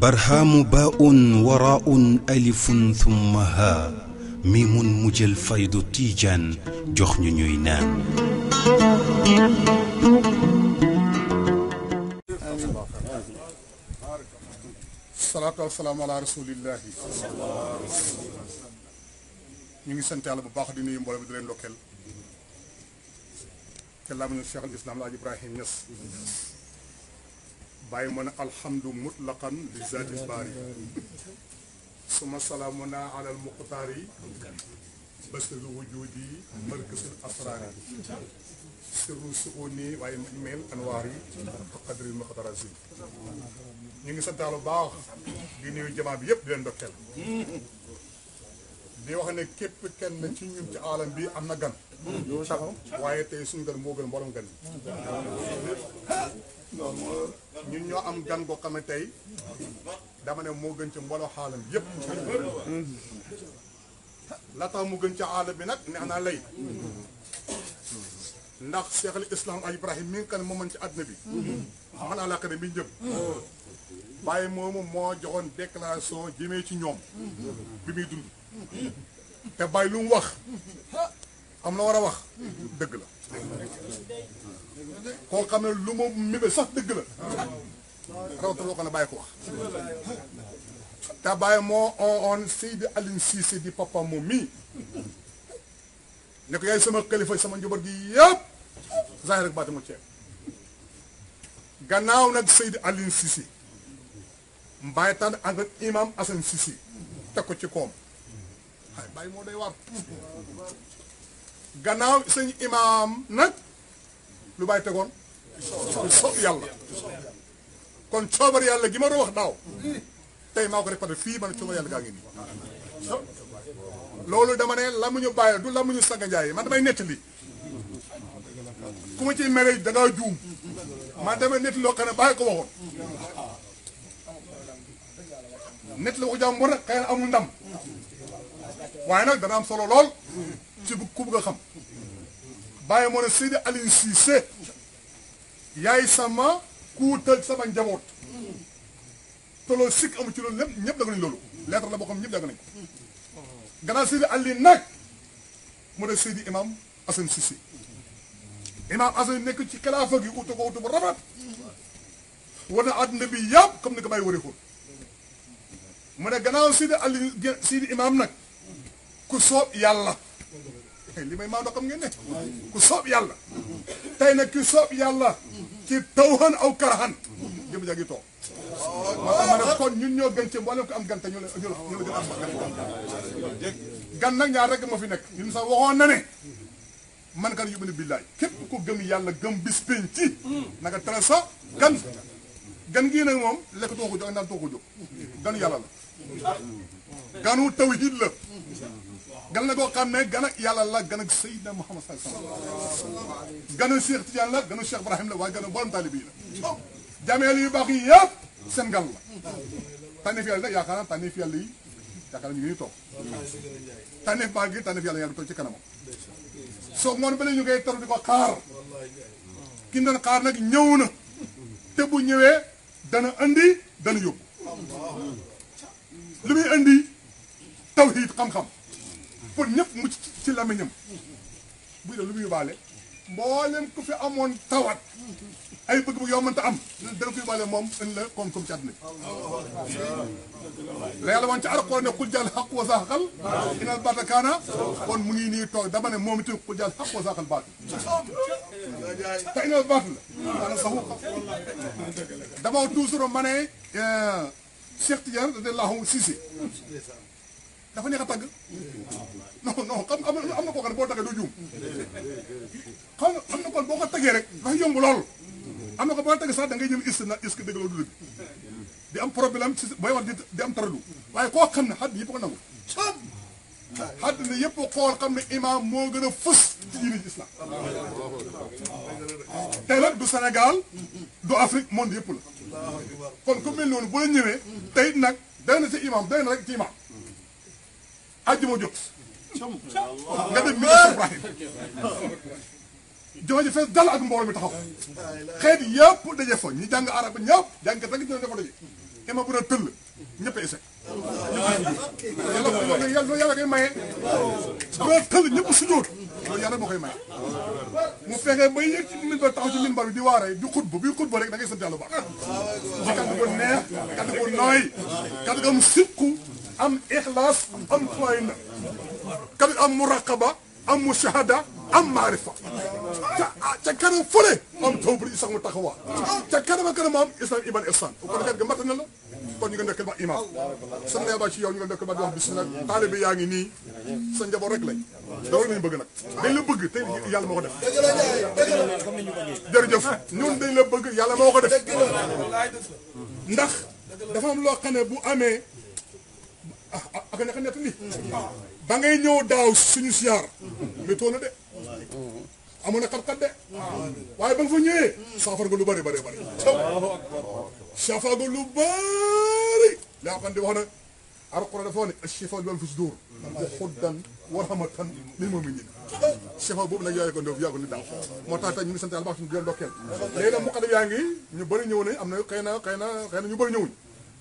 barhaamu baa'un waraa'un alifun thumma haa miimun mu jël faydu tiijaan jox ñu ñuy naan. ngi sant yàlla bu baax di te làmmiñu Cheikh al Islam laaj Ibrahim Niass bàyyi ma ne alhamdu mutlaqan li zaati baari suma salaamuna ala al muqtaar yi basal wujudi markasul asraar yi sirru waaye mel anwaar yi qadri muqtaras yi ñu ngi santaal baax di nuyu jamaa bi leen ndokkeel di wax ne képp kenn ci ñun ci aalam bi am na gan. waaye tey suñ gan moo gën mboolem gan yi. ñun ñoo am gan goo xam ne tey dama ne moo gën ci mbooloo xaalam yépp la tax mu gën ci aalam bi nag neex naa lay. ndax seexal islam al ibrahim mi ngi kan moo mën ci àdduna bi. man bi ñu bàyyi moomu moo joxoon déclaration jëmee ci ñoom bi muy dund te bàyyi lu mu wax am na war a wax dëgg la koo xam ne lu ma mébé sax dëgg la rawta loo xam ne bàyyi ko wax te bàyyi moo on on Seydi Aline Cissé di papa moom ne ko yaay sama kalifa sama njaboot gi yëpp zahir ak baati mu ceeb gannaaw mbaytaan ànd ak imam Assane Cissé teg ko ci koom moo day war gannaaw sëñ imam nag lu bàyyi tegoon sob yàlla kon coobar yàlla gi ma doon wax daaw tey maa ko rek pare fii man coobar yàlla gaa ngi nii loolu dama ne lamuñu bàyyi du lamuñu sanga njaay man damay nettali ku ma ci mere dangaa juum man damay nettali loo xam ne bàyyi ko waxoon nekk la ko jàmbur nag xëy amul ndam waaye nag dana am solo lool ci bu ku bëgg a xam bàyyi moo ne Seydi Aliou Cissé yaay sama kuutal sama njaboot te sikk amu ci lool lépp ñëpp dagg nañ loolu la boo xam ñëpp dagg nañ ko gannaaw Seydi Aliou nag mu ne Seydi Imam Assane Cissé Imam Assane nekk ci xilaafa gi utu ko utu bu rafet war na àdduna bi yàpp comme ni ko bàyyi mu ne gannaaw Sidi Aliou Sidi Imaam nag ku soob yàlla eh, li may maandoo xam ngeen ne ku soob yàlla tey nag ku soob yàlla ci tawhan aw karahan jëm jaa ngi toog moo tax ma ne kon ñun ñoo gën ci mboolem ko am gan te ñu la ñu la gën a am gan gan nag ñaar rek moo fi nekk ñun sax waxoon na ne man kan yóbbu ne billaay képp ku gëm yàlla gëm bis pénc ci naka tere sa gan gan gi nak mom lekk too ko jóg ak naan too ko jóg ganu yàlla la ganu tawhid la gan la go xamne gan ak yalla la gan ak sayyidna Muhammad sallallahu alaihi wasallam sallam ganu Cheikh Tidiane la ganu Cheikh Ibrahim la wa ganu borom taalib la jamel yu bax yi yëpp sen gal la tànneef yalla nag yaakaar naa tànneef yàlla yi yaakaar ñu ngi toog tànneef baa ngi tànneef yàlla yaa ngi ci kanam so mon bele ñu koy taru diko xaar ki doon xaar nak ñewuna te bu ñewé dana andi dana yóbbu li muy andi tawhiid xam-xam pour ñëpp mucc ci lamiñam buy def lu muy yóbbaale mboolem ku fi amoon tawat ay bëgg-bëgg yoo mënta am dana koy bale moom ën la koom-koom ci àdduna la yàlla woon ci arqoon ne xul jàll xaq wa saaxal inal baata kaana kon mu ngi nii toog dama ne moom itam xul jàll xaq wa saaxal baatu te inal baatu la ana saxu dama toujours ma ne Cheikh Tidiane radiyallahu Cissé dafa neex a tagg non non xam am na koo xam ne boo taggee doo juum xam am na kon boo ko taggee rek dafa yomb lool am na ko boo teg sax da ngay jël is na is dëgg la du dëgg di am problème ci booy wax di am taradu waaye koo xam ne xadd yëpp ko nangu xadd ne yëpp xool xam ne imaam moo gën a fës ci diine islam tey nag du Sénégal du Afrique monde yëpp la kon ku mel noonu ñëwee tey nag day na ci imaam day na rek ci imaam àjjuma jot nga dem mi Ibrahim jooju fees dal ak mbool mi taxaw xeet yëpp daje fa ñu jàng arab ñëpp jàng rek ñoo dafa daje ima bu a tëll ñëpp a échec yàlla loolu yàlla koy maye bu a tëll ñëpp sujjóot loolu yàlla moo koy maye mu fexe ba yëg ci minbar taxaw ci minbar bi di waaree di xutba bi xutba rek da ngay sant yàlla bu baax ci kàddu ko neex kàddu ko nooy kàddu ko am sikku am ixlaas am tuwaay na kàddu am muraqaba am mushahada am maarifa ah, ca kanam fële am tawbul isax mu taxawaa ca kanam a kanam am islam iman ihsan kon xeet ga mat na la kon ñu nga nekk ba imaam sa nee ba ci yow ñu nga nekk ba di wax bismillah taalibe yaa ngi nii sa njaboot rek lañ doo lañu bëgg nag dañ la bëgg te yàlla moo ko def la bëgg yàlla moo ko def ndax dafa am loo xam ne bu amee ah ah ak a nekk nii ba ngay ñëw daaw suñu siyaar méttoo na de amoon na xat-xat de waaye ba nga fa ñëwee saafara nga lu bëri bëri bëri saafara nga lu bëri laa xam di wax na alquran dafa wax ne achifa wal fusdur wa xuddan wa rahmatan lil mu'minin chifa boobu nag yaay ko ndof yaa ko ni daaw moo tax tey ñu ngi sant yàlla baax suñu di leen yaa ngi ñu bëri ñëw nañ am na xëy na xëy na xëy na ñu bëri ñëwuñ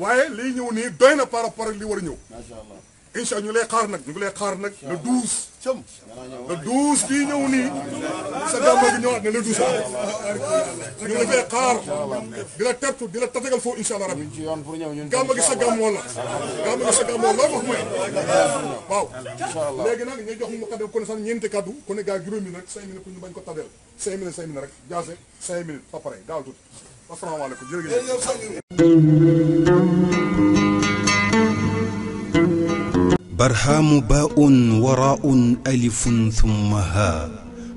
waaye liy ñëw nii doy na par rapport ak li war a ñëw incha allah ñu ngi lay xaar nag ñu ngi lay xaar nag le douze le douze kii ñëw nii برهام باء وراء الف ثم هاء